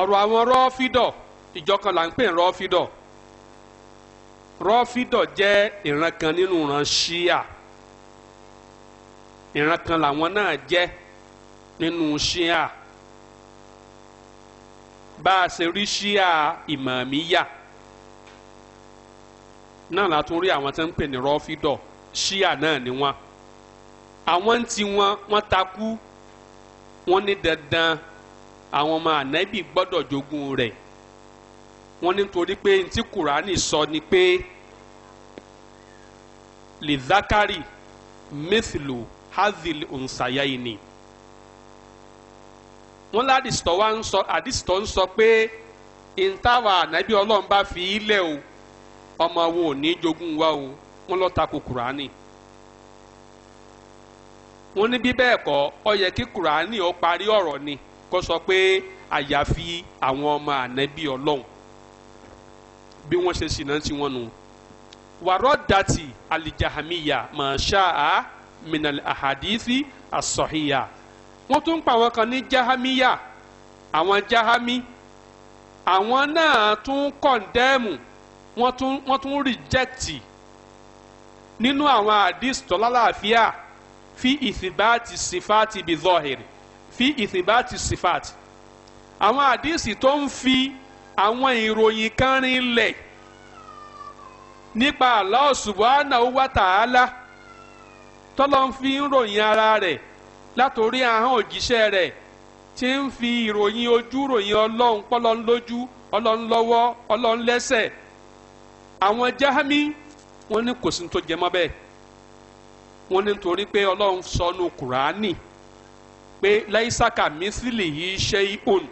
ọ̀rọ̀ àwọn rọ́fídọ̀ ìjọ kan là ń pè rọ́fídọ̀ rọ́fídọ̀ jẹ́ ìran kan nínú ìran ṣíà ìran kan làwọn náà jẹ́ nínú ṣíà bá a ṣe rí ṣíà ìmàmíyà náà la tún rí àwọn tó ń pè ní rọ́fídọ̀ ṣíà náà ni wọ́n àwọn ń ti wọ́n takú wọ́n ní dandan àwọn ọmọ ànábì gbọ́dọ̀ jogún rẹ̀ wọ́n ní torí pé ntí kùránì sọ ni pé lizakari mithlu hazil onsayaini wọ́n ládìsítọ́ wa ń sọ àdìsítọ́ ń sọ pé ìntàwà ànábì ọlọ́run bá fi ilẹ̀ o ọmọ wo ò ní jogún wa o wọ́n lọ tako kùránì wọ́n ní bí bẹ́ẹ̀ kọ́ ọ yẹ kí kùránì ó parí ọ̀rọ̀ ni kó sọ pé àyàfi àwọn ọmọ ànábì ọlọ́run bí wọ́n ṣe sì náà tí wọ́n nu wàrọ̀ dàtì alijahamiya màṣá a minal ahadithi asọ̀híya wọ́n tún ń pa àwọn kan ní jahamiya àwọn jahami àwọn náà tún kọ̀ndẹ́mù wọ́n tún wọ́n tún rìjẹ́kìtì nínú àwọn àdìs tọ́lá láàfíà fi ìfìbá ti sìfá ti bí zọ́hìrì fi ìsìbáàtì sifat àwọn àdìsí tó ń fi àwọn ìròyìn kan rinlẹ̀ nípa Allah subhanahu wa ta'ala tọ́lọ́ ń fi ń ròyìn ara rẹ̀ látòrí ahọ́n òjíṣẹ́ rẹ̀ tí ń fi ìròyìn ojú ròyìn ọlọ́run pọ́lọ́n lójú ọlọ́run lọ́wọ́ ọlọ́run lẹ́sẹ̀ àwọn jahami wọ́n ní kò sí tó jẹ mọ́ bẹ́ẹ̀ wọ́n ní torí pé ọlọ́run sọnù kùránì. So pé láìsàkà mísìlì yìí ṣe ìhùn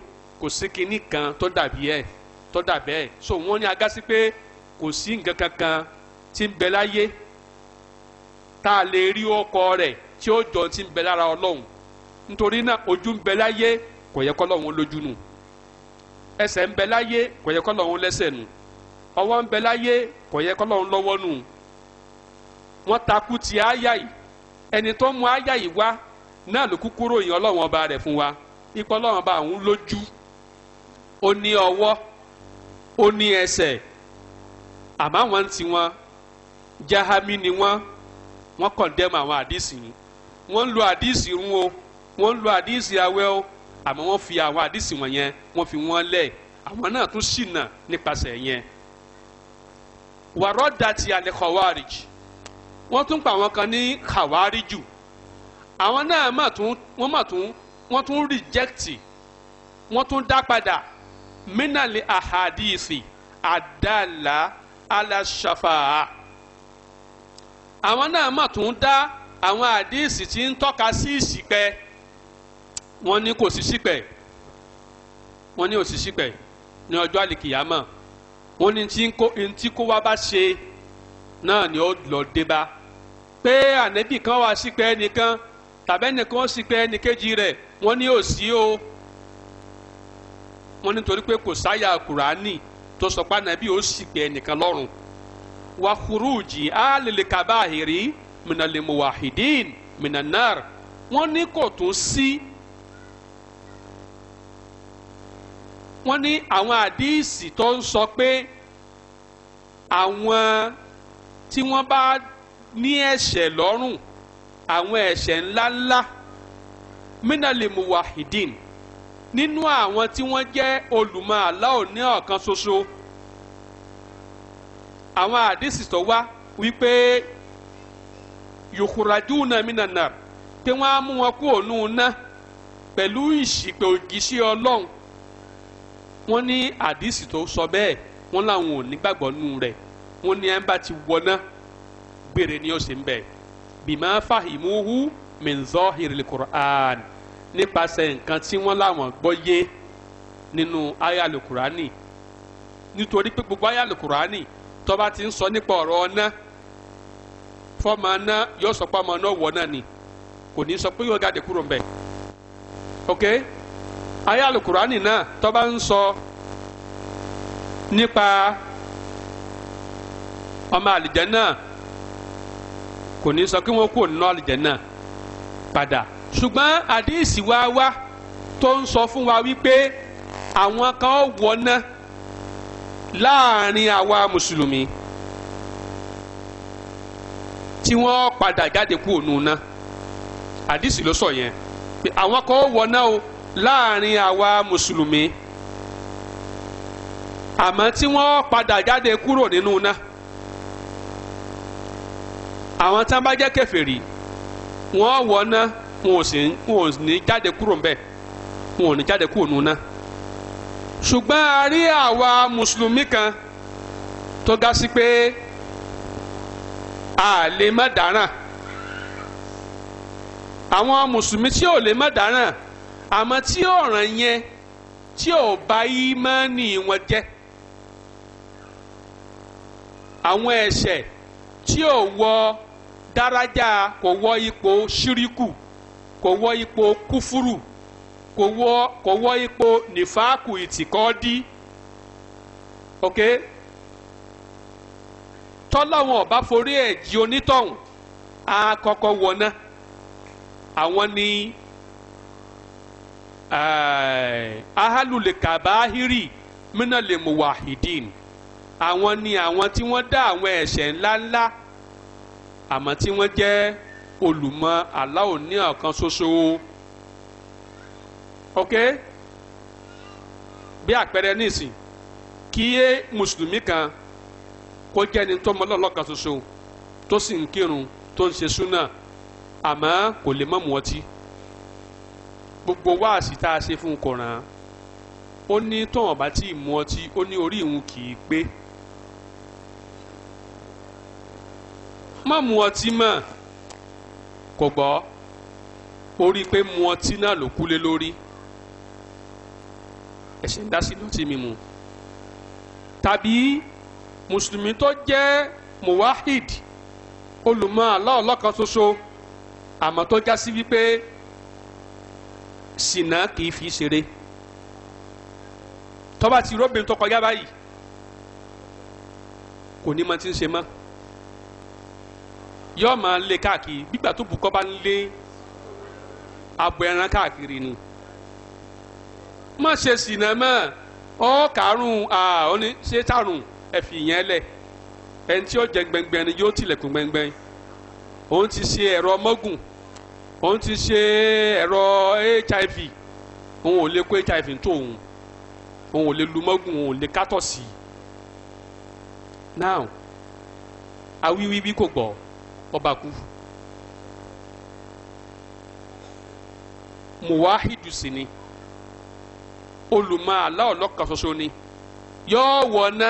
kò sí kinní kan tó dàbí so wọn ní agá sí pé kò sí nǹkan kankan tí ń bẹ láyé tá a lè rí ọkọ jọ ti ń bẹ lára ọlọ́run nítorí náà ojú ń bẹ láyé kò yẹ kọ́lọ́run lójú nù ẹsẹ̀ ń bẹ láyé kò yẹ nù ń bẹ láyé kò ti yìí ẹni tó mú náà ló kúkú ròyìn ọlọ́run ọba rẹ̀ fún wa ipò ọlọ́run ọba òun lójú ó ní ọwọ́ ó ní ẹsẹ̀ àmọ́ àwọn ń tiwọn jahami ni wọ́n wọ́n kọ̀ndẹ́mù àwọn àdìsí yìí wọ́n ń lo àdìsí rún o wọ́n ń lo àdìsí awẹ́ o àmọ́ wọ́n fi àwọn àdìsí wọn yẹn wọ́n fi wọ́n lẹ̀ àwọn náà tún ṣìnà nípasẹ̀ yẹn wàrọ̀ dàtí alẹ́ kọ̀wárìjì wọ́n tún pa àwọn kan ní kàwárìjù àwọn náà mà tún wọ́n mà tún wọ́n tún rìjẹ́kìtì wọ́n tún dá padà mínàlè àhàdìsì àdàlà aláṣàfàá àwọn náà mà tún dá àwọn àdìsì tí ń tọ́ka sí ìṣìpẹ̀ wọ́n ní kò sí ṣìpẹ̀ wọ́n ní ò sí ṣìpẹ̀ ní ọjọ́ àlìkìyàmọ̀ wọ́n ní tí kó wá bá ṣe náà ni ó lọ dé bá pé ànẹ́bì kan wá ṣìpẹ̀ nìkan tàbí ẹnìkan ó sì pé ẹnìkejì rẹ̀ wọ́n ní ò sí o wọ́n nítorí pé kò sáyà kùránì tó sọ pé ànábì ó sì pé ẹnìkan lọ́rùn wà kúrúùjì á lèlè kábàáhìrì mìnàlèmùwàhídìn mìnànàr wọ́n ní kò tún sí wọ́n ní àwọn àdíìsì tó ń sọ pé àwọn tí wọ́n bá ní ẹ̀ṣẹ̀ lọ́rùn àwọn ẹ̀ṣẹ̀ ńláńlá minali muwahidin nínú àwọn tí wọ́n jẹ́ olùmọ̀ Allah ní ọ̀kan ṣoṣo àwọn àdìsí tó wá wípé yukurajuna minanar tí wọ́n á mú wọn kú ònú ná pẹ̀lú ìṣìpè òjíṣẹ́ Ọlọ́run wọ́n ní àdìsí tó sọ bẹ́ẹ̀ wọ́n làwọn ò nígbàgbọ́ nù rẹ̀ wọ́n ní ẹ̀ ń bá ti wọ́ná gbére ni ó sì ń bẹ̀ẹ́. bima fahimuhu min zahiril qur'an nípasẹ̀ nǹkan tí wọ́n láwọn gbọ́ yé nínú ayálu qur'ani nítorí pé gbogbo ayálu qur'ani tó ti ń sọ nípa ọ̀rọ̀ ọ̀nà Fọma ọ̀nà yóò sọ pé ọmọ ọ̀nà wọ̀ náà ni kò ní sọ pé yóò jáde kúrò mbẹ̀ ok ayálu qur'ani náà tó bá ń sọ nípa ọmọ àlìjẹ náà. kò ní sọ kí wọ́n kúrò nínú àlìjẹ́nà padà ṣùgbọ́n àdéhìsì wa wá tó ń sọ fún wa wípé àwọn kan wọná láàrin àwa mùsùlùmí tí wọ́n padà jáde kúrò nínú náà àdìsí ló sọ yẹn pé àwọn kan wọná o láàrin àwa mùsùlùmí àmọ́ tí wọ́n padà jáde kúrò nínú náà àwọn tí wọ́n bá jẹ́ kèfèrí wọ́n wọ̀ ná wọn ò sì wọn ò ní jáde kúrò ńbẹ̀ wọn ò ní jáde kúrò nù ná ṣùgbọ́n a rí àwa mùsùlùmí kan tó ga sí pé a lè má dáràn àwọn mùsùlùmí tí ò lè má dáràn àmọ́ tí ọ̀ràn yẹn tí ò bá ìmánì wọn jẹ́ àwọn ẹ̀ṣẹ̀ tí ò wọ dárájà kò wọ ipò ṣíríkù kò wọ ipò kúfúrù kò wọ kò wọ ipò nífàákù ìtìkọ́dí ok tọ́lọ́wọ̀n ọba forí ẹ̀ jí onítọ̀hún á kọ́kọ́ wọná àwọn ni eh, ahalule kabahiri minale muwahidin àwọn ni àwọn tí wọ́n dá àwọn ẹ̀ṣẹ̀ ńláńlá àmọ́ tí wọ́n jẹ́ olùmọ̀ Allah ní ọ̀kan ṣoṣo ok bí àpẹẹrẹ nísìn kí yé mùsùlùmí kan kó jẹ́ni tó mọ Allah kan ṣoṣo tó sì ń kírun tó ń ṣe súnà àmọ́ kò lè mọ̀ mú gbogbo wáàsí tá a ṣe fún un kọ̀ràn ó ní tóun bá tí ì mú ọtí ó ní orí ìhun kì í pé. má mu ọtí mọ́ kò gbọ́ orí pé mu ọtí náà ló kú lé lórí ẹ̀ṣẹ̀ ń dá sí lọ́tí mímu tàbí mùsùlùmí tó jẹ́ muwahid olùmọ̀ Allah ọlọ́kan ṣoṣo àmọ́ tó já sí wípé ṣìnà kì í fi ṣeré tọ́ba ti róbìn tó kọjá báyìí kò ní mọ tí ń ṣe mọ́ yóò máa le káàkiri gbígbà tó bùkọ́ bá ń lé abo ẹran káàkiri ni má ṣe sìnà mọ́ ọ kàrún àọ́ni ṣé tàrùn ẹ̀fì yẹn lẹ̀ ẹni tí ó jẹ gbẹngbẹn ni yóò tilẹ̀kùn gbẹngbẹn òun ti ṣe ẹ̀rọ mọ́gùn òun ti ṣe ẹ̀rọ hiv òun ò lè kó hiv tó òun òun ò lè lu mọ́gùn òun ò lè kátọ̀ sí i now awiwiwi kò gbọ́ ọba kú muwahidu sì ni olùmọ̀ Allah ọlọ́kan ṣoṣo ni yóò wọná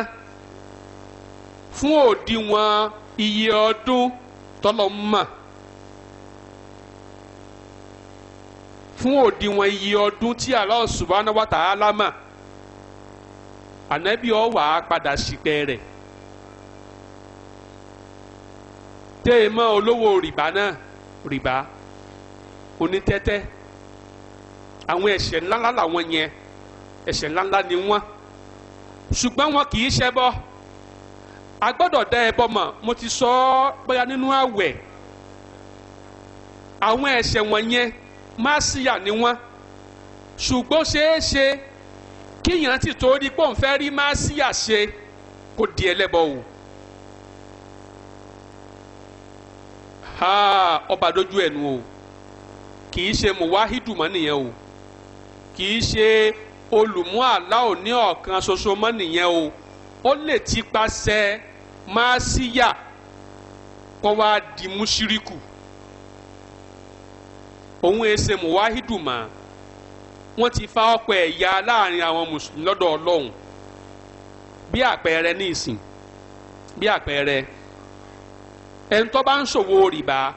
fún òdiwọ̀n iye ọdún tọlọmọ fún òdiwọ̀n iye ọdún tí Allah subhanahu wa ta'ala mọ̀ ànábì ó wá padà sípẹ́ dé e mọ́ olówó rìbá náà rìbá onítẹ́tẹ́ àwọn ẹ̀ṣẹ̀ ńláńlá làwọn yẹn ẹ̀ṣẹ̀ ńláńlá ni wọ́n ṣùgbọ́n wọn kì í ṣẹbọ a gbọ́dọ̀ dá ẹbọ mọ̀ mo ti sọ ọ́ bóyá nínú àwẹ̀ àwọn ẹ̀ṣẹ̀ wọ̀nyẹn máṣíyà ni wọ́n ṣùgbọ́n ṣeé ṣe kíyàn ti torí pé òun fẹ́ rí máṣíyà ṣe kó di ẹlẹ́bọ o. ha ọba dojú ẹnu o kì í ṣe muwahidu mọ́ nìyẹn o kì í ṣe olùmú aláwo ní ọ̀kan ṣoṣo mọ́ nìyẹn o ó lè ti paṣẹ máa síyà kó wá di mùṣíríkù òun èsè e muwahidu mọ́ wọ́n ti fa ọ̀pọ̀ ẹ̀yà láàrin àwọn mùsùlùmí lọ́dọ̀ ọlọ́run bí àpẹẹrẹ ní ìsìn bí àpẹẹrẹ ẹni tó bá ń ṣòwò rìbá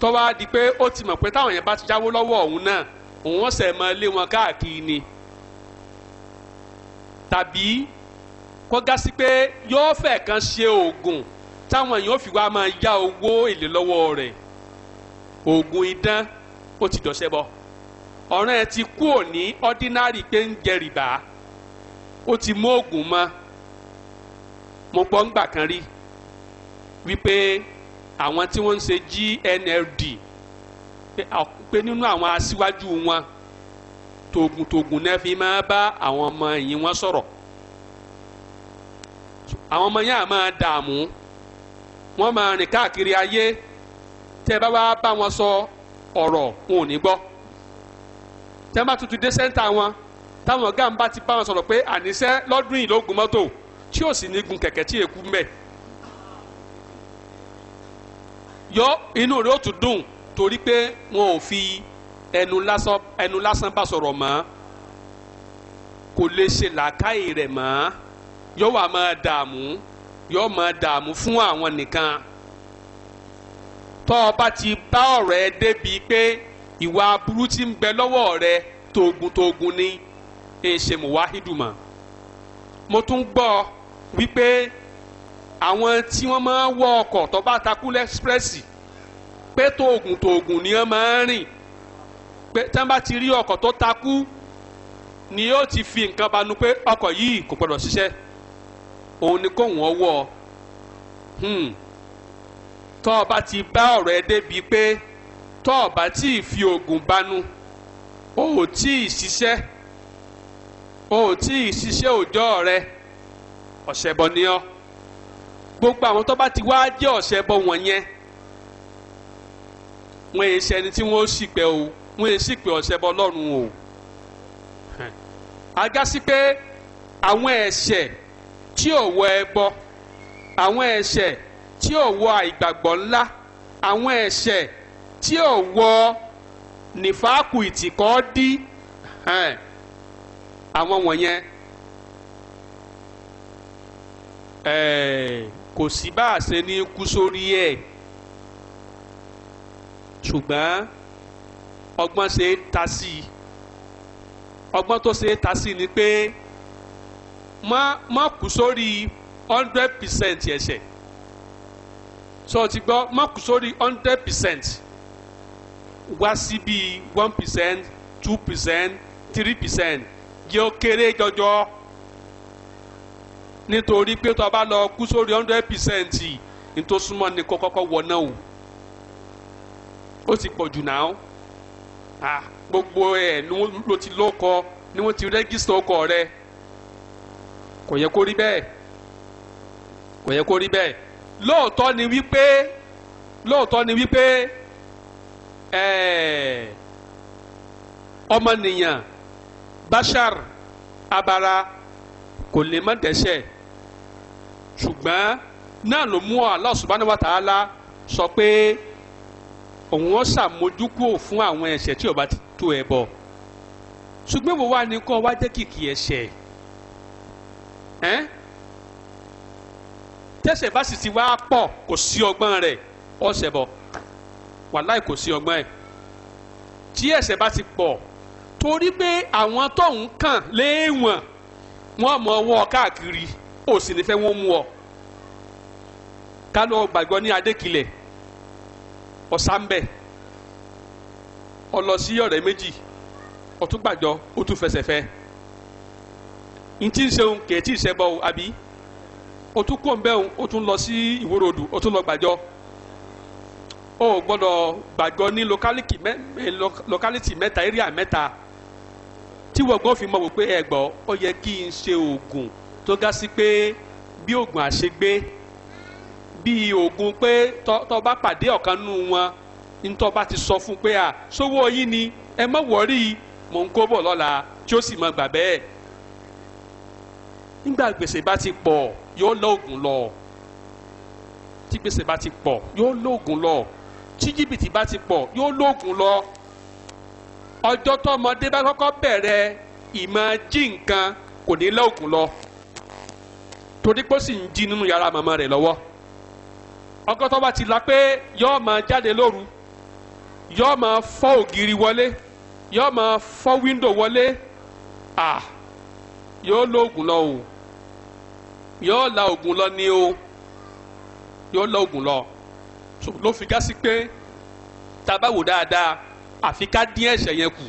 tó wá di pé ó ti mọ̀ pé táwọn yẹn bá ti jáwó lọ́wọ́ òun náà òun ọ̀sẹ̀ mọ lé wọn káàkiri ni tàbí kó gá sí pé yóò fẹ́ kan ṣe oògùn táwọn èèyàn fi wá máa yá owó èlé lọ́wọ́ rẹ̀ oògùn idán ó ti dọ̀ṣẹ́ bọ́ ọ̀ràn ẹ̀ ti kú òní ọ́dínárì pé ń jẹ rìbá ó ti mú oògùn mọ́ mo pọ̀ ń gbà kan rí wípé àwọn tí wọ́n ń ṣe GNLD pé nínú àwọn aṣíwájú wọn tògùntògùn náà fi máa bá àwọn ọmọ yìí wọn sọ̀rọ̀ àwọn ọmọ yẹn á máa dààmú wọ́n máa rìn káàkiri ayé tẹ́ bá wá bá wọn sọ ọ̀rọ̀ wọn ò ní gbọ́ tẹ́ bá tuntun dé sẹ́ńtà wọn táwọn ọ̀gá ń bá ti bá wọn sọ̀rọ̀ pé àníṣẹ́ lọ́dún yìí ló mọ́tò tí ò sì ní gun kẹ̀kẹ́ tí èkú mẹ́ẹ̀. yọ inú rẹ̀ ó tún dùn torí pé wọn ò fi ẹnu lásán ẹnu lásán bá sọ̀rọ̀ mọ́ kò lè ṣe làákàyè rẹ̀ mọ́ yọ wà máa dààmú yọ máa dààmú fún àwọn nìkan tọ́ ọ bá ti bá ọ̀rọ̀ ẹ débi pé ìwà aburú ti ń bẹ lọ́wọ́ rẹ togun-togun ni èsèmùwáhídùmọ̀ mo tún gbọ́ wípé àwọn tí wọ́n máa ń wọ ọkọ̀ tó bá takú lẹ́sprẹ́sì pé tóògùn tóògùn ni wọ́n máa ń rìn pé tí wọ́n bá ti rí ọkọ̀ tó takú ni yóò ti fi nǹkan banu pé ọkọ̀ yìí kò gbọdọ̀ ṣiṣẹ́ òun ni kò wọ́n wọ̀ tọ́ ọ ti bá ọ̀rọ̀ ẹ débi pé tọ́ ọ tí ì fi oògùn banu o ò tí ì ṣiṣẹ́ o ò tí ì ṣiṣẹ́ òòjọ́ rẹ ọ̀sẹ̀ bọ̀ ni ọ́ gbogbo àwọn tó bá ti wá jẹ́ ọ̀sẹ̀ bọ wọ̀nyẹn wọ́n yẹ sẹ́ni tí wọ́n sì pẹ́ o wọ́n yẹ sì pé ọ̀sẹ̀ bọ lọ́rùn o agasi pé àwọn ẹ̀ṣẹ̀ tí ò wọ ẹbọ àwọn ẹ̀ṣẹ̀ tí ò wọ àìgbàgbọ́ ńlá àwọn ẹ̀ṣẹ̀ tí ò wọ nífàákù ìtìkọ́ dí àwọn wọ̀nyẹn kò sí bá a ṣe ní kú sórí ẹ̀ ṣùgbọ́n ọgbọ́n ṣe é ta sí i ọgbọ́n tó ṣe é ta sí i ni pé má má kú sórí hundred percent ẹ̀ṣẹ̀ sọ ti gbọ́ má kú sórí hundred percent wá sí bíi one percent two percent three percent yóò kéré jọjọ. nítorí pé tó a bá lọ kú sórí hundred percent ni kọ́kọ́ wọ náà o ó ti pọ̀ jù náà gbogbo ẹ̀ ni wọ́n ló ti ni wọ́n ti rẹ́gísítà ọkọ̀ rẹ kò yẹ kó rí bẹ́ẹ̀ kò yẹ kó rí bẹ́ẹ̀ lóòótọ́ ni wípé lóòótọ́ ni wípé ọmọnìyàn bashar abara kò lè má dẹ́ṣẹ̀ ṣùgbọ́n náà ló mú Allah subhanahu wa ta'ala sọ pé òun ó ṣàmójúkú fún àwọn ẹ̀ṣẹ̀ tí ó bá tó ẹ̀ bọ̀ ṣùgbọ́n wo wá ní kọ́ wá jẹ́ kìkì ẹ̀ṣẹ̀ ẹ́ tẹ́ṣẹ̀ bá sì ti wá pọ̀ kò sí ọgbọ́n rẹ̀ ọ̀ṣẹ̀ bọ̀ wàláì kò sí ọgbọ́n ẹ̀ tí ẹ̀ṣẹ̀ bá ti pọ̀ torí pé àwọn tóun kàn léèwọ̀n wọ́n mọ wọ́n káàkiri ó sì ní fẹ́ wọ́n mú ọ ká lọ gbàgbọ́ ní adékilẹ̀ ọ̀sánbẹ̀ ọlọ sí ọ̀rẹ́ méjì ọ̀tún gbàjọ ó tún fẹsẹ̀ fẹ́ ntí ń ṣeun kẹ̀ẹ́tì ìṣẹ́bọ̀ àbí ó tún kó ń bẹ́ òun ó tún lọ sí ìwòròdù ó tún lọ gbàjọ ó gbọ́dọ̀ gbàjọ ní locality mẹ́ta area mẹ́ta. Me, tí wọ̀gbọ́n fi mọ̀ wò pé ẹ̀gbọ́ ó yẹ kí n ṣe oògùn tó ga sí pé bí oògùn àṣegbé bí oògùn pé tó bá pàdé ọ̀kan nù wọn ntọ́ bá ti sọ fún pé à sówó yín ni ẹ má wọ́rí mò ń kó bọ̀ lọ́la tí ó sì mọ gbà bẹ́ẹ̀ nígbà gbèsè bá ti pọ̀ yóò lọ oògùn lọ tí gbèsè bá ti pọ̀ yóò lọ oògùn lọ tí jìbìtì bá ti pọ̀ yóò lọ oògùn lọ. ọjọ́ tọmọdé bá kọ́kọ́ bẹ̀rẹ̀ ìmọ̀ jí nǹkan kò ní lọ́ọ̀kùn lọ torí pé ó sì ń jí nínú yàrá màmá rẹ̀ lọ́wọ́ ọkọ tó bá ti la pé yọ́ọ́ máa jáde lóru yọ́ọ́ máa fọ́ ògiri wọlé yọ́ọ́ máa fọ́ wíńdò wọlé à yóò lo lọ o yóò la ògùn lọ ni o yóò la oògùn lọ ló fi gá sí pé tá a bá dáadáa. àfi ká dín ẹ̀ṣẹ̀ yẹn kù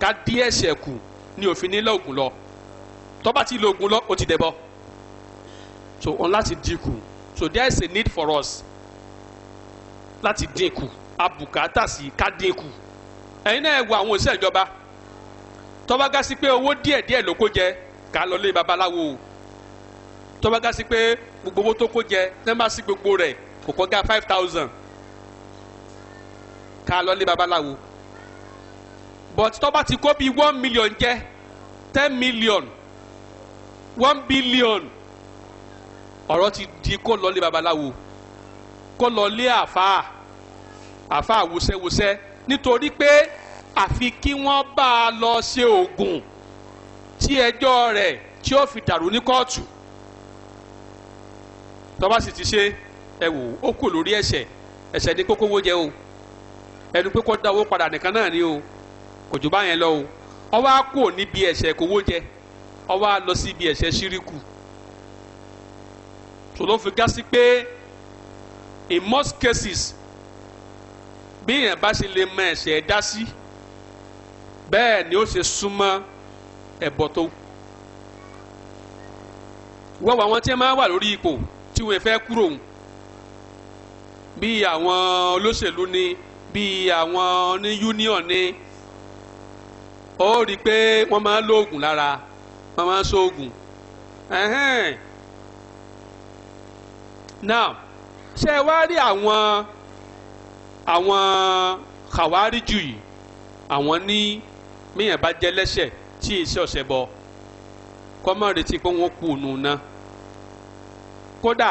ká dín ẹ̀ṣẹ̀ kù ni òfin nílẹ̀ ògùn lọ tó bá ti lo ògùn lọ ó ti dẹ̀bọ so òun láti dín kù so there is a need for us láti dín kù abùkátà sí ká dín kù ẹ̀yin náà wo àwọn òṣìṣẹ́ ìjọba tó bá gá sí pé owó díẹ̀díẹ̀ ló kó jẹ ká lọ lé babaláwo tó bá gá sí pé gbogbo owó tó kó jẹ tẹ́ bá sí gbogbo rẹ̀ kò kọjá five thousand ká lọ́lé babaláwo but tó bá ti kó bíi one million jẹ́ ten million one billion ọ̀rọ̀ ti di kó lọ́lé babaláwo kó lọ́lé àfáà àfáà wusẹ́wusẹ́ nítorí pé àfi kí wọ́n bá a lọ ṣe oògùn tí ẹjọ́ rẹ̀ tí ó fi dàrú ní kóòtù tó bá sì ti ṣe ẹ wò ó kù lórí ẹ̀ṣẹ̀ ẹ̀ṣẹ̀ ní kókówó jẹ o ẹnu pé kó dá owó padà nìkan náà ni o kò jù bá yẹn lọ o ọwọ́ á kò níbi ẹ̀ṣẹ̀ kò jẹ ọwọ́ á lọ sí ibi ẹ̀ṣẹ̀ ṣíríkù tó ló fi gásí pé in most cases bí èèyàn bá ṣe lè mọ ẹ̀ṣẹ̀ dá sí bẹ́ẹ̀ ni ó ṣe súnmọ́ ẹ̀bọ tó wọ́n wà wọ́n tí wọ́n máa wà lórí ipò tí wọ́n fẹ́ kúrò bíi àwọn olóṣèlú ni bíi àwọn ní union ní ó rí i pé wọ́n máa ń lo oògùn lára wọ́n máa ń so oògùn now ṣé ẹ wá rí àwọn àwọn kàwáríjù yìí àwọn ní míyàn bá jẹ́ lẹ́sẹ̀ tí èsì ọ̀sẹ̀ bọ̀ kọ́ má retí pé wọ́n kú òun náà kódà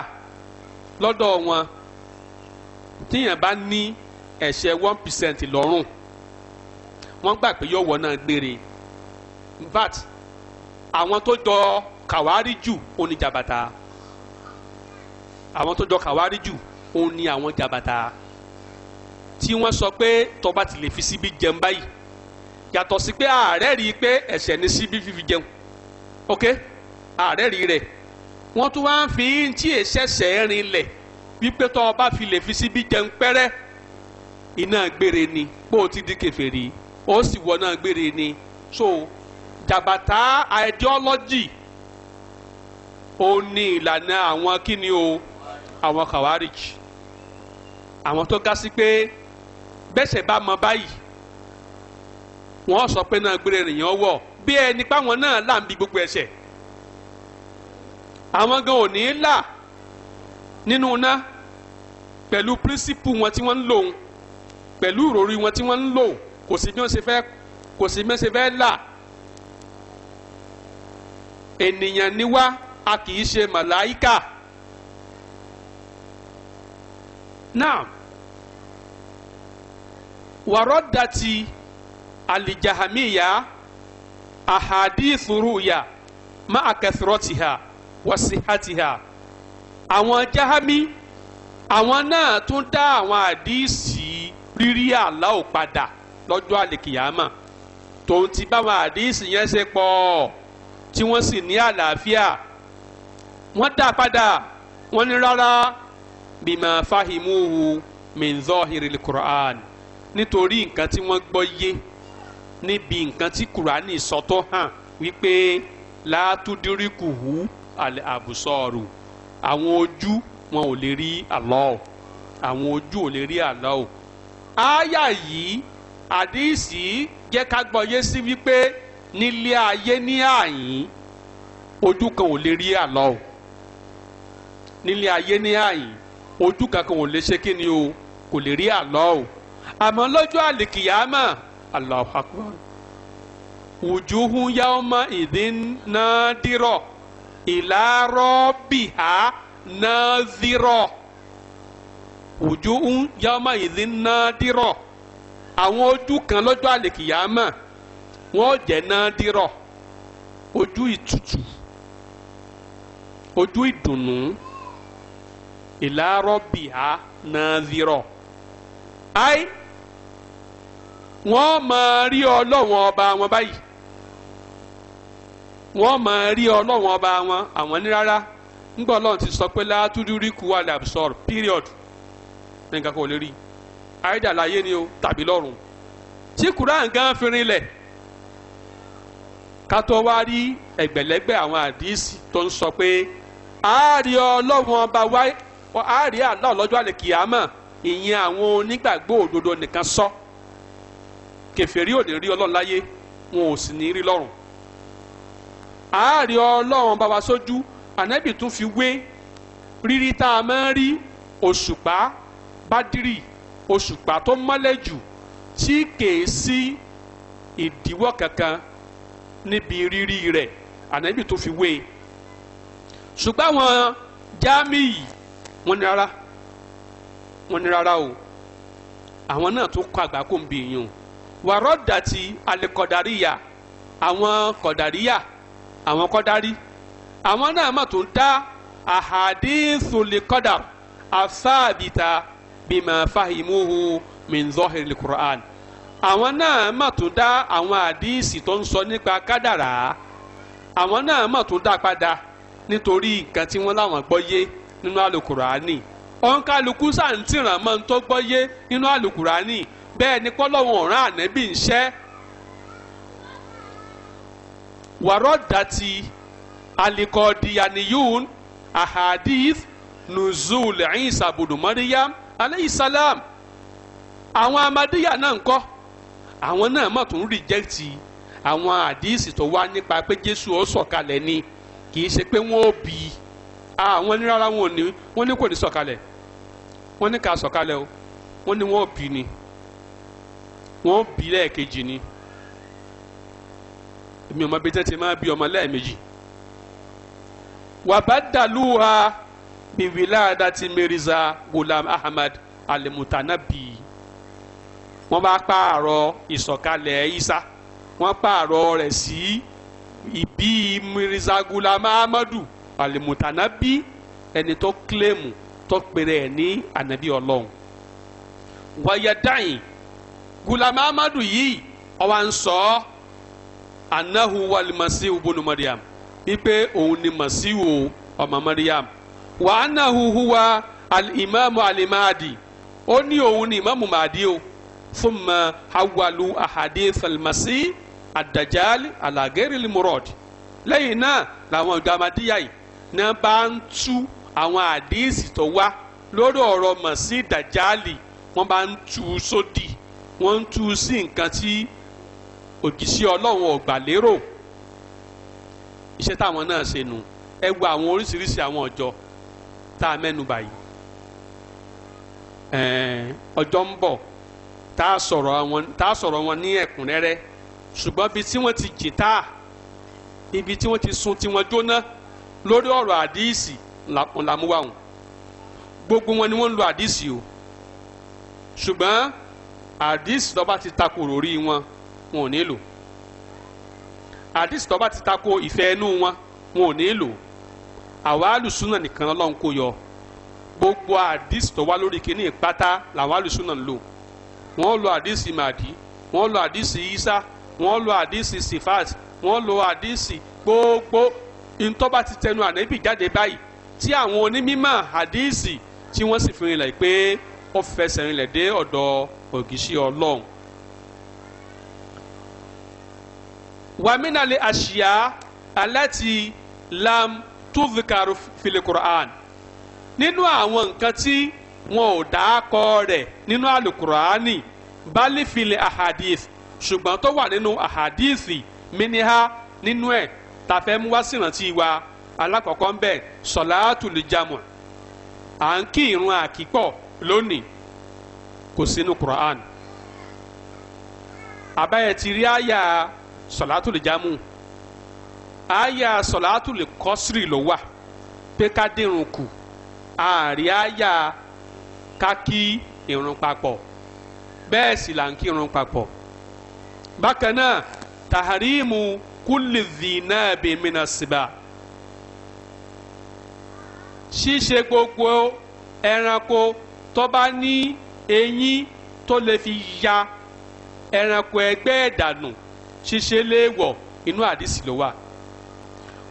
lọ́dọ̀ wọn tíyàn bá ní ẹ̀ṣẹ̀ one percent lọ́rùn wọ́n gbà pé yóò wọ náà gbére but àwọn tó jọ kàwárí jù òun ni jàbàtà àwọn tó jọ kàwárí jù òun ni àwọn jàbàtà tí wọ́n sọ pé tọba ti lè fi síbi jẹun báyìí yàtọ̀ sí pé ààrẹ rí i pé ẹ̀ṣẹ̀ ní síbi fífi jẹun ok ààrẹ rí rẹ̀ wọ́n tún wá ń fi ń tí èṣẹ̀ṣẹ̀ rin lẹ̀ wípé tọba fi lè fi síbi jẹun pẹ́rẹ́ iná gbére ni bó o ti di kèfèrí ó sì wọ náà gbére ni so jàbàtà ideology ó ní ìlànà àwọn kíni o àwọn khawarij àwọn tó ga sí pé bẹ́sẹ̀ bá mọ báyìí wọ́n sọ pé náà gbére nìyẹn wọ̀ bí ẹni páwọn náà là ń bi gbogbo ẹ̀ṣẹ̀ àwọn gan ò ní í là nínú iná pẹ̀lú pírísìpù wọn tí wọ́n ń lò pẹ̀lú ìròrí wọn tí wọ́n ń lò kò sí bí wọ́n ṣe fẹ́ kò sí bí wọ́n ṣe fẹ́ là ènìyàn ni wá a kì í ṣe màláíkà náà wàrọ̀ dàtí alijahamiya ahadithu ruya ma akẹsirọtiha àwọn jahami àwọn náà tún dá àwọn àdìsí rírí àlá ò padà lọ́jọ́ àlèkìyàmà tòun ti báwọn àdíìsì yẹn ṣe pọ̀ tí wọ́n sì ní àlàáfíà wọ́n dá padà wọ́n ní rárá bímọ fahimuhu minzohiri quran nítorí nǹkan tí wọ́n gbọ́ yé níbi nǹkan tí kùránì sọtọ́ hàn wípé látúndíríkùhù àbùsọ̀rù àwọn ojú wọn ò lè rí Allah àwọn ojú ò lè rí Allah ááyà yìí àdìsí jẹ́ ká gbọ́yé sí wípé nílé ayé ní àyín ojú kan ò lè rí àlọ́ o nílé ayé ní àyín ojú kan kan ò lè ṣe kí ni o kò lè rí àlọ́ o àmọ́ lọ́jọ́ àlìkìyàmà Allahu Akbar wujuhun yawma idhin nadira ila rabbiha nadira. ojú ń yọmọ ìdí náà dírọ̀ àwọn ojú kan lọ́jọ́ àlèkìyàmà wọ́n jẹ́ náà dírọ̀ ojú ìtutù ojú ìdùnnú ìlàrọ̀ bìhá náà dírọ̀ ai wọ́n máa rí ọlọ́wọ́n ọba wọn báyìí wọ́n máa rí ọlọ́wọ́n ọba wọn àwọn ní rárá ńgbọ́ ọlọ́run ti sọ pé látúndúrí kú wà lábùsọ̀rọ̀ period nǹkan kò lè rí àìdá láyé ni o tàbí lọ́run tí Quran gan fi rinlẹ̀ ká tó wá rí ẹgbẹ̀lẹ́gbẹ̀ àwọn àdìsí tó ń sọ pé àárí ọlọ́run ọba wá àárí àlá ọlọ́jọ́ àlè kìámà ìyẹn àwọn onígbàgbọ́ òdodo nìkan sọ kèfèrí ò lè rí ọlọ́run láyé wọn ò sì ní rí lọ́run àárí ọlọ́run ọba wa sójú ànábì tún fi wé rírí tá a máa ń rí òṣùpá bádìrì òṣùpá tó mọ́lẹ̀ jù tí kèé sí ìdíwọ́ kankan níbi rírí rẹ̀ ànábì tó fi wé e ṣùgbọ́n àwọn jámì yìí wọ́n ní rárá wọ́n ní rárá o àwọn náà tó kọ àgbákò ń bi èèyàn wàrọ̀ dàtí alẹ́kọ̀dáríyà àwọn kọ̀dáríyà àwọn kọ́dárí àwọn náà mà tó ń dá àhàdínsólè kọ́dà àfáàbìtà bima fahimuhu min zohiri quran àwọn náà mà tún dá àwọn àdíìsì tó ń sọ nípa Kádàrà. àwọn náà mà tún dá padà nítorí nǹkan tí wọ́n láwọn gbọ́ yé nínú alukurani ònkálukú sàǹtìràn máa ń tó gbọ́ yé nínú alukurani bẹ́ẹ̀ ni pọ́lọ́wọ́n ọ̀ràn ànẹ́bí ń ṣẹ́ wàrọ̀ dàtí alikọ́dìyaniyun ahadith nuzul Isa bunu aleyhi salam àwọn amadiya náà ń kọ́ àwọn náà mọ̀ tó ń rìjẹ́tì àwọn àdíìsì tó wá nípa pé jésù ó sọ̀kalẹ̀ ni kì í ṣe pé wọ́n ó bi àwọn ní rárá wọn ò ní wọ́n ní kò ní sọ̀kalẹ̀ wọ́n ní ká sọ̀kalẹ̀ o wọ́n ní wọ́n ó bi ni wọ́n ó bi lẹ́ẹ̀kejì ni èmi ọmọ bíi tẹ́tí máa bi ọmọ lẹ́ẹ̀mejì wàbá dàlú ha min wiladati Mirza Ghulam Ahmad Al-Mutanabi wọ́n bá pààrọ̀ ìsọ̀kalẹ̀ Isa wọ́n pààrọ̀ rẹ̀ sí ìbí Mirza Ghulam Ahmadu Al-Mutanabi ẹni tó kílẹ̀mù tó pèrè ẹ̀ ní ànábì ọlọ́run wàyẹ̀dáyìn Ghulam Ahmadu yìí ọwọ́ à sọ anahu wal Masihu Mariam wípé òun ni Masihu ọmọ Mariam wa annahu huwa al-imamu al-mahdi ó ní òun ni imamu mahdi o thumma awwalu ahadith al-masih ad-dajjal ala ghairi al-murad lẹ́yìn náà làwọn ìjọ amadíyà yìí náà bá ń tú àwọn àdéhìsì tó wá lórí ọ̀rọ̀ masih dajjali wọ́n bá ń tú sódì wọ́n ń tú sí nǹkan tí òjìṣẹ́ ọlọ́run ọ̀gbà lérò iṣẹ́ táwọn náà ṣe nù ẹ wo àwọn oríṣiríṣi àwọn ọjọ́ tá a mẹ́nu báyìí ẹ̀ẹ́n ọjọ́ ń bọ̀ tá a sọ̀rọ̀ wọn tá a sọ̀rọ̀ wọn ní ẹ̀kúnrẹ́rẹ́ ṣùgbọ́n ibi tí wọ́n ti jìtá ibi tí wọ́n ti sun tiwọn jóná lórí ọ̀rọ̀ àdíìsì làmúwàhùn gbogbo wọn ni wọ́n ń lo àdíìsì o ṣùgbọ́n àdíìsì tó ti tako òrí wọn wọn ò ní lò àdíìsì tó ti tako ìfẹ́ inú wọn wọn ò ní lò àwa alùsùnà nìkan ọlọ́run kò yọ gbogbo àdìs tó wá lórí kíní ìpátá làwọn alùsùnà ń lò wọ́n lo àdìs màdí wọ́n lo àdìs isa wọ́n lo àdìs sifat wọ́n lo àdìs gbogbo ntọ́ba ti tẹnu ànábì jáde báyìí tí àwọn onímọ̀ àdìs tí wọ́n sì fi rinlẹ̀ pé ó fẹsẹ̀ rinlẹ̀ dé ọ̀dọ̀ ògìṣẹ́ ọlọ́run. wàmínàlè àṣìyá aláti lam tuzkaru fil Qur'an nínú àwọn nǹkan tí wọn ò dákọ rẹ̀ nínú alukur'ani bali fil ahadith ṣùgbọ́n tó wà nínú ahadithi miniha nínú ẹ̀ tàfẹ́ mú wá sírántí wa alákọ̀ọ́kọ́ ń bẹ sọ̀láàtù lè jamọ̀ à ń kí irun àkípọ̀ lónìí kò sínú Qur'an àbáyẹ ti rí àyà sọ̀láàtù lè jamọ̀ Aya sọ̀látù lè kọ́sìrì ló wà pé ká dírun kù ààrí àyà ká kí irun papọ̀ bẹ́ẹ̀ sì là ń kí irun papọ̀ bákan náà taharimu kulli dhinabi mina siba ṣíṣe gbogbo ẹranko tó bá ní eyín tó lè fi ya ẹranko ẹgbẹ́ ẹ̀dànù ṣíṣe léèwọ̀ inú àdìsí ló wà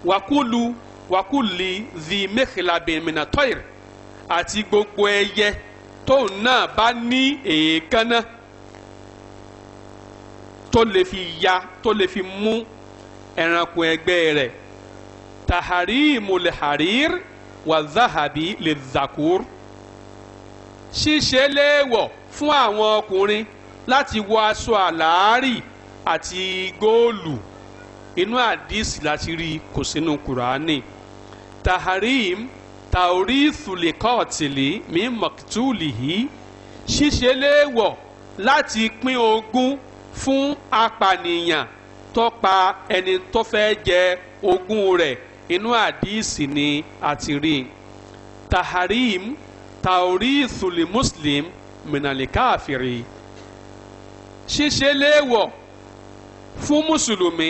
wakulu wakuli zi mekilabin minatoir àti gbogbo ẹyẹ tóun náà bá ní èékánná tó lè fi ya tó lè fi mú ẹranko ẹgbẹ́ rẹ̀ taharimu liharir wa zahabi lizakur ṣíṣe léèwọ̀ fún àwọn ọkùnrin láti wọ aṣọ àlàárì àti góòlù inú àdìsí láti rí kò sínú kùránì taharim tàoríìsùlè kọ́ọ̀tìlì mí mọ̀kítúùlì yìí ṣíṣe léèwọ̀ láti pín ogún fún apànìyàn tó pa ẹni tó fẹ́ jẹ ogún rẹ̀ inú àdìsí ni àti rí taharim tàoríìsùlè muslim mìnàlíkàfìrì ṣíṣe léèwọ̀ fún mùsùlùmí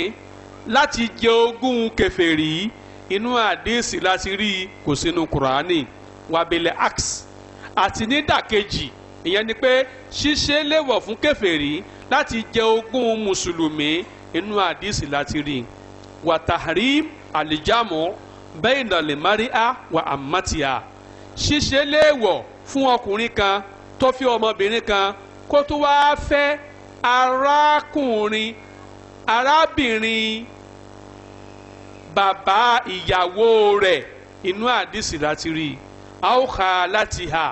láti jẹ ogún kèfèrí inú àdéhìsì láti rí i kò sínú kùránì wàbẹ̀lẹ̀ ax àti nídàkejì ìyẹn ni pé ṣíṣe léwọ̀ fún kèfèrí láti jẹ ogún mùsùlùmí inú àdéhìsì láti rí i wàtàrí àlìjámọ́ bẹ́ẹ̀ ìnàlẹ̀ mariya wà àmàtìyà ṣíṣe léèwọ̀ fún ọkùnrin kan tó fi ọmọbìnrin kan kó tó wáá fẹ́ arákùnrin arábìnrin bàbá ìyàwó rẹ̀ inú àdìsí láti rí i àwòkà láti hà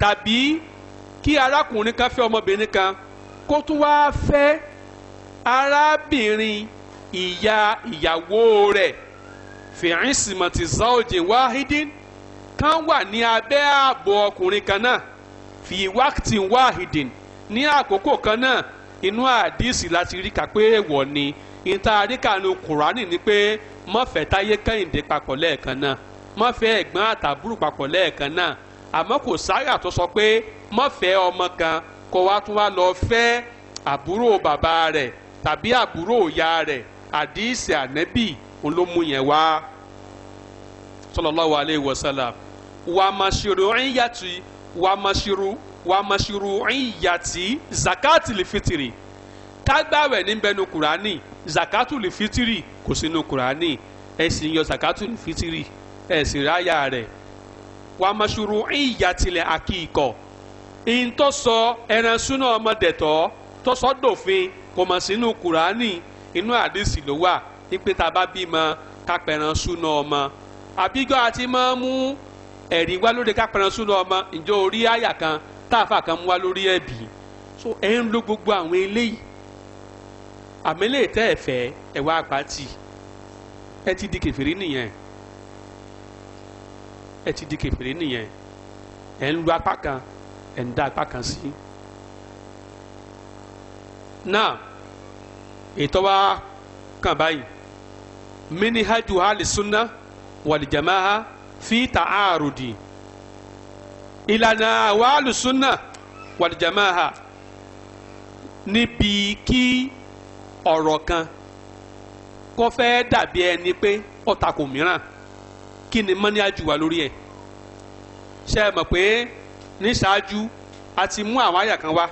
tàbí kí arákùnrin kan fẹ́ ọmọbìnrin kan kó tún wá fẹ́ arábìnrin ìyá ìyàwó rẹ̀ fìrìsìmọ̀tì zaojì wáhídín kan wà ní abẹ́ ààbò ọkùnrin kan náà fi wákìtì wáhídín ní àkókò kan náà inú àdìsí láti rí kà pé èèwọ̀ ni ìta àríkànú kùránì ni pé má fẹ́ táyé kẹ́hìndé papọ̀ lẹ́ẹ̀kan náà má fẹ́ ẹ̀gbọ́n àtàbúrò papọ̀ lẹ́ẹ̀kan náà àmọ́ kò sáyà tó sọ pé má fẹ́ ọmọ kan kó wá tún wá lọ fẹ́ àbúrò bàbá rẹ̀ tàbí àbúrò ìyá rẹ̀ àdìsí ànẹ́bì òun ló mú yẹn wá sallallahu alayhi wa sallam wa mashiru iyati wa mashiru wa mashiru iyati zakati lifitiri kágbáwẹ̀ níbẹ̀ nu kùránì Zakatu lifitiri kò sínú kùránì ẹ̀sìn yọ zakatul fitiri ẹ̀sìn ráyà rẹ̀ wà mọ̀ṣúrù ìyá tilẹ̀ àkìkọ̀ ìǹtọ́ sọ ẹran súná ọmọdẹ̀tọ́ tó sọ dòfin kò mọ̀ sínú kùránì inú àdìsí ló wà nípe tá a bá bímọ kápẹ̀ràn súná ọmọ àbígbọ́ àti máa mú ẹ̀rí wá lórí kápẹ̀ràn súná ọmọ ìjọ orí àyà kan táàfà kan mú wá lórí ẹ̀bí so ẹ̀ ń lo gbogbo àwọn eléyìí àmẹ́lẹ́ ìtẹ́ ẹ̀fẹ́ ẹ̀wá àpáàtì ẹ ti di kèfèrí nìyẹn ẹ ti di kèfèrí nìyẹn ẹ̀ ń lu apá kan ẹ̀ ń dá apá kan sí. náà ètò wa kàn báyìí minihaju alisunna wàlìjàmáha fi ta'arudi ìlànà àwa alisunna wàlìjàmáha níbi kí ọ̀rọ̀ kan kó fẹ́ dàbí ẹni pé ó tako mìíràn kí ni mọ́ni àjùwà lórí ẹ̀ ṣe é mọ̀ pé ní ṣáájú a ti mú àwọn àyà kan wá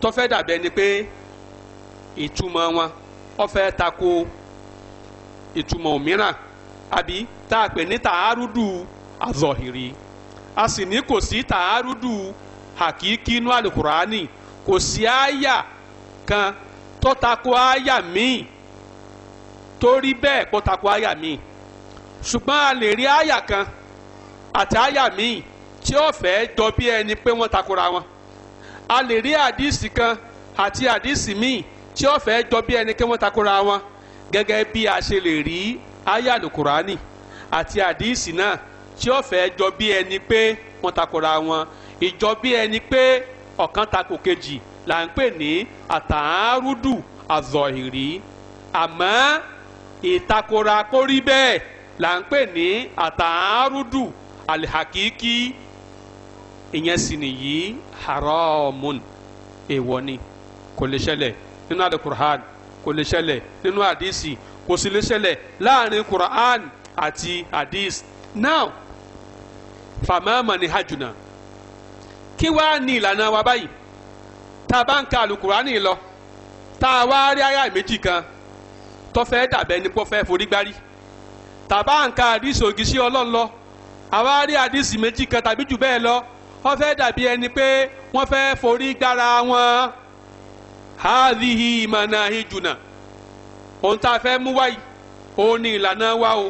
tó fẹ́ dàbí ẹni pé ìtumọ̀ wọn ó fẹ́ tako ìtumọ̀ mìíràn àbí tá a pè ní tàárùdù azọ̀hìrì a sì ní kò sí tàárùdù hakiki inú alukurani kò sí àyà kan tó tako àyà míì torí bẹ́ẹ̀ kó tako àyà míì ṣùgbọ́n a lè rí àyà kan àti àyà míì tí ó fẹ́ jọ bí ẹni pé wọ́n takora wọn a lè rí àdìsí kan àti àdìsí míì tí ó fẹ́ jọ bí ẹni pé wọ́n takora wọn gẹ́gẹ́ bí a ṣe lè rí àyà lùkùránì àti àdìsí náà tí ó fẹ́ jọ ẹni pé wọ́n takora wọn ìjọ bí ẹni pé ọ̀kan tako kejì là ń pè ní àtàárúdù àzọ̀hìrí àmọ́ ìtakora kórí bẹ́ẹ̀ là ń pè ní àtàárúdù àlìhàkíkí ìyẹn sì nìyí haramun èèwọ̀ ni kò lè ṣẹlẹ̀ nínú àdìkùrán kò lè ṣẹlẹ̀ nínú àdìsí kò sì lè ṣẹlẹ̀ láàrin quran àti àdìs now fàmáàmà ni hajjuna kí wàá ní ìlànà wa báyìí tá a bá ń ka alukurani lọ tá a wá rí àyà méjì kan tó fẹ́ dàbẹ́ ni kó fẹ́ forí gbárí tá a bá ń ka àdìsí ògìsí ọlọ́run lọ àwa rí àdìsí méjì kan tàbí jù bẹ́ẹ̀ lọ wọ́n fẹ́ dàbí ẹni pé wọ́n fẹ́ forí gbára wọn hadhihi imana hijuna ohun tá a fẹ́ mú wáyìí òun ni ìlànà wa o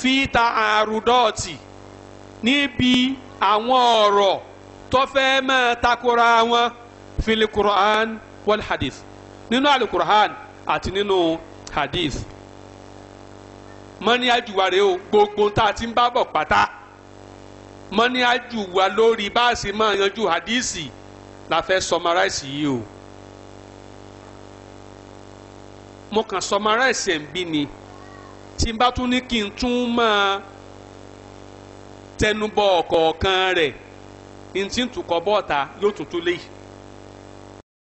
fi ta àrùdọ́ọ̀tì níbi àwọn ọ̀rọ̀ tó fẹ́ máa takora wọn. fili quran wal hadith nínú alukur'an àti nínú hadith mọ́ni àjùwárẹ̀ o gbogbo tá a ti ń bá bọ̀ pátá mọ́ni àjùwá lórí bá a sì máa yanjú hadisi la fẹ́ summarize yìí o mo kàn summarize ẹ̀ ni tí n bá tún ní kí n tún máa tẹnubọ̀ ọ̀kọ̀ọ̀kan rẹ̀ n tí n tún bọ́ọ̀ta yóò tún léyìí.